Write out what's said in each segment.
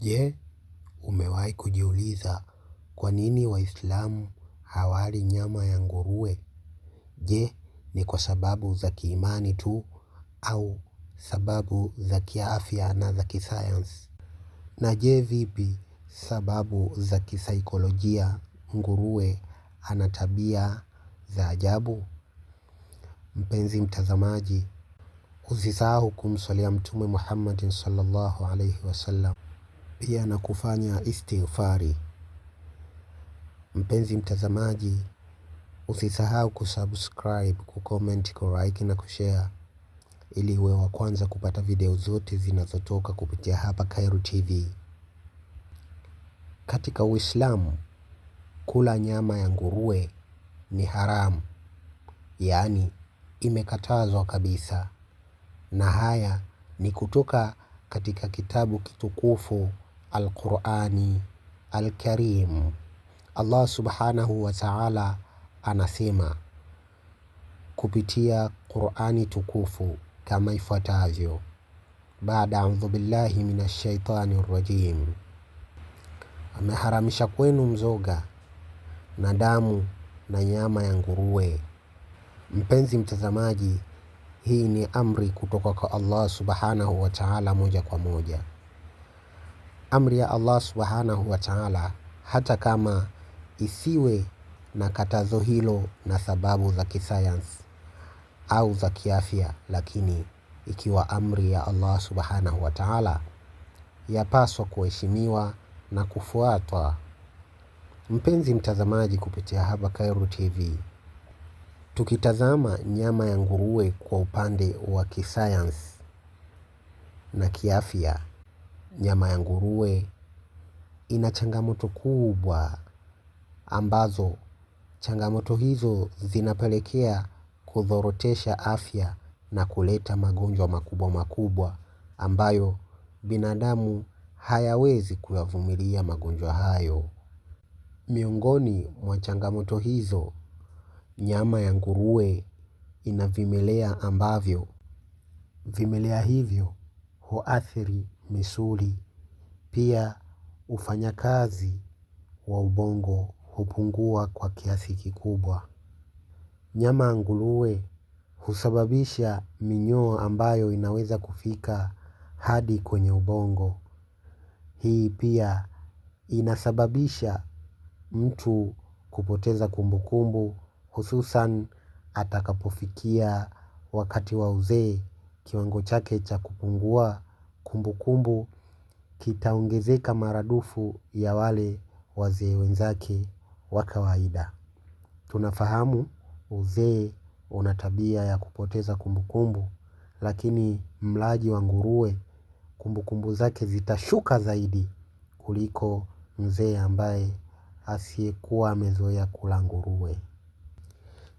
Je, umewahi kujiuliza kwa nini waislamu hawali nyama ya nguruwe? Je, ni kwa sababu za kiimani tu au sababu za kiafya na za kisayansi? Na je vipi sababu za kisaikolojia nguruwe ana tabia za ajabu? Mpenzi mtazamaji, usisahau kumswalia Mtume Muhammadin sallallahu alaihi wasallam pia na kufanya istighfari. Mpenzi mtazamaji, usisahau kusubscribe, kucomment, kulike na kushare ili uwe wa kwanza kupata video zote zinazotoka kupitia hapa Khairo TV. Katika Uislamu, kula nyama ya nguruwe ni haramu, yaani imekatazwa kabisa, na haya ni kutoka katika kitabu kitukufu alqurani alkarim Allah subhanahu wa ta'ala anasema kupitia Qur'ani tukufu kama ifuatavyo: baada audhu billahi minash shaitani rajim, ameharamisha kwenu mzoga na damu na nyama ya nguruwe. Mpenzi mtazamaji, hii ni amri kutoka kwa Allah subhanahu wa ta'ala moja kwa moja amri ya Allah subhanahu wa ta'ala, hata kama isiwe na katazo hilo na sababu za kisayansi au za kiafya, lakini ikiwa amri ya Allah subhanahu wa ta'ala yapaswa kuheshimiwa na kufuatwa. Mpenzi mtazamaji, kupitia hapa Khairo TV tukitazama nyama ya nguruwe kwa upande wa kisayansi na kiafya nyama ya nguruwe ina changamoto kubwa ambazo changamoto hizo zinapelekea kudhorotesha afya na kuleta magonjwa makubwa makubwa ambayo binadamu hayawezi kuyavumilia magonjwa hayo. Miongoni mwa changamoto hizo, nyama ya nguruwe ina vimelea ambavyo vimelea hivyo huathiri misuli. Pia ufanyakazi wa ubongo hupungua kwa kiasi kikubwa. Nyama ya nguruwe husababisha minyoo ambayo inaweza kufika hadi kwenye ubongo. Hii pia inasababisha mtu kupoteza kumbukumbu hususan atakapofikia wakati wa uzee kiwango chake cha kupungua kumbukumbu kitaongezeka maradufu ya wale wazee wenzake wa kawaida. Tunafahamu uzee una tabia ya kupoteza kumbukumbu lakini mlaji wa nguruwe kumbukumbu zake zitashuka zaidi kuliko mzee ambaye asiyekuwa amezoea kula nguruwe.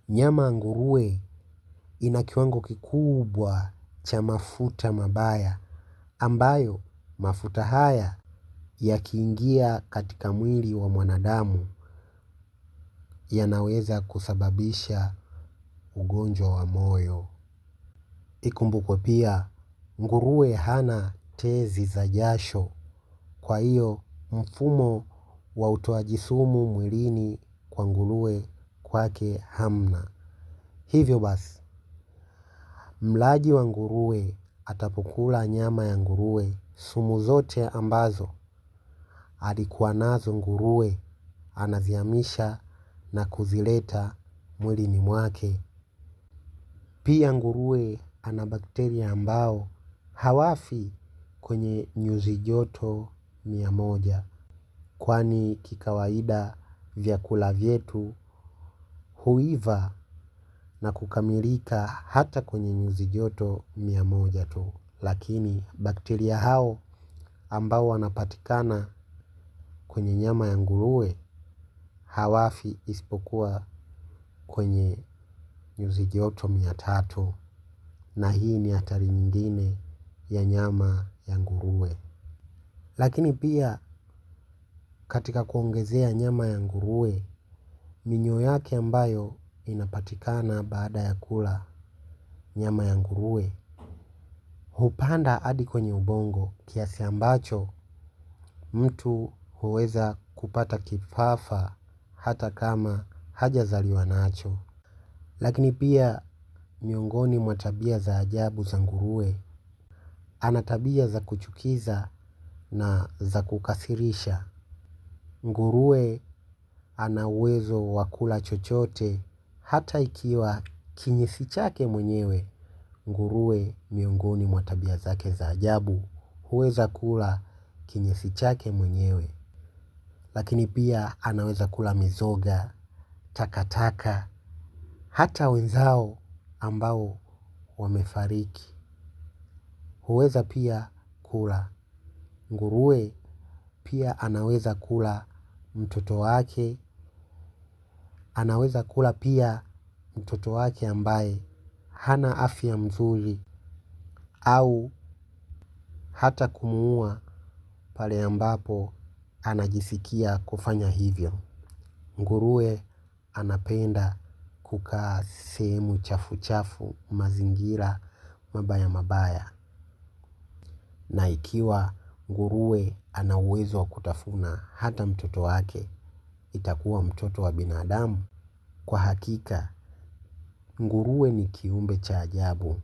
Nyama ya nguruwe ina kiwango kikubwa cha mafuta mabaya ambayo mafuta haya yakiingia katika mwili wa mwanadamu yanaweza kusababisha ugonjwa wa moyo. Ikumbukwe pia nguruwe hana tezi za jasho kwa hiyo mfumo wa utoaji sumu mwilini kwa nguruwe kwake hamna. Hivyo basi mlaji wa nguruwe atapokula nyama ya nguruwe, sumu zote ambazo alikuwa nazo nguruwe anazihamisha na kuzileta mwilini mwake. Pia nguruwe ana bakteria ambao hawafi kwenye nyuzi joto mia moja. Kwani kikawaida vyakula vyetu huiva na kukamilika hata kwenye nyuzi joto mia moja tu. Lakini bakteria hao ambao wanapatikana kwenye nyama ya nguruwe hawafi isipokuwa kwenye nyuzi joto mia tatu na hii ni hatari nyingine ya nyama ya nguruwe. Lakini pia katika kuongezea nyama ya nguruwe minyoo yake ambayo inapatikana baada ya kula nyama ya nguruwe hupanda hadi kwenye ubongo kiasi ambacho mtu huweza kupata kifafa hata kama hajazaliwa nacho. Lakini pia miongoni mwa tabia za ajabu za nguruwe ana tabia za kuchukiza na za kukasirisha. Nguruwe ana uwezo wa kula chochote hata ikiwa kinyesi chake mwenyewe nguruwe miongoni mwa tabia zake za ajabu huweza kula kinyesi chake mwenyewe. Lakini pia anaweza kula mizoga, takataka, hata wenzao ambao wamefariki. Huweza pia kula. Nguruwe pia anaweza kula mtoto wake anaweza kula pia mtoto wake ambaye hana afya mzuri au hata kumuua pale ambapo anajisikia kufanya hivyo. Nguruwe anapenda kukaa sehemu chafu chafu mazingira mabaya mabaya. Na ikiwa nguruwe ana uwezo wa kutafuna hata mtoto wake itakuwa mtoto wa binadamu. Kwa hakika, nguruwe ni kiumbe cha ajabu.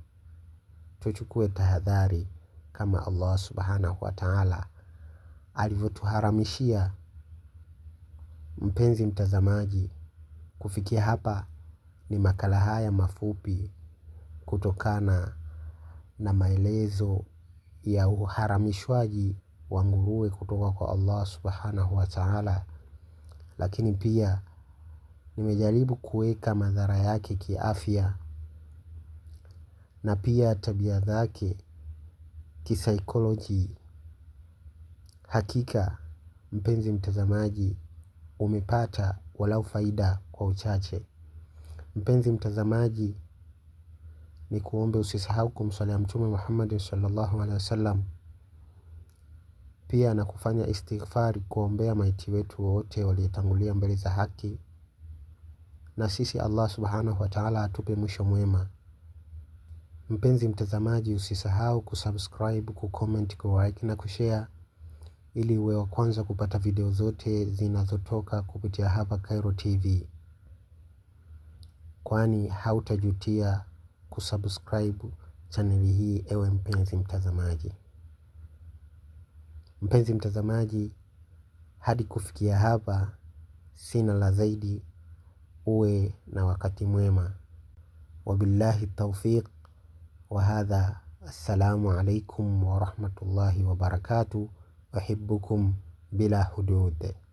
Tuchukue tahadhari kama Allah subhanahu wa ta'ala. Alivyotuharamishia mpenzi mtazamaji kufikia hapa ni makala haya mafupi kutokana na maelezo ya uharamishwaji wa nguruwe kutoka kwa Allah subhanahu wa ta'ala lakini pia nimejaribu kuweka madhara yake kiafya na pia tabia zake kisaikoloji. Hakika mpenzi mtazamaji umepata walau faida kwa uchache. Mpenzi mtazamaji ni kuombe usisahau kumswalia Mtume Muhammad sallallahu alaihi wasallam. Pia na kufanya istighfari kuombea maiti wetu wote waliotangulia mbele za haki. Na sisi Allah subhanahu wa ta'ala atupe mwisho mwema. Mpenzi mtazamaji usisahau kusubscribe, kucomment, kulike na kushare ili uwe wa kwanza kupata video zote zinazotoka kupitia hapa Khairo TV. Kwani hautajutia kusubscribe chaneli hii ewe mpenzi mtazamaji. Mpenzi mtazamaji, hadi kufikia hapa sina la zaidi. Uwe na wakati mwema, wabillahi taufiq wa hadha. Assalamu alaikum warahmatullahi wabarakatuh, uhibbukum bila hudud.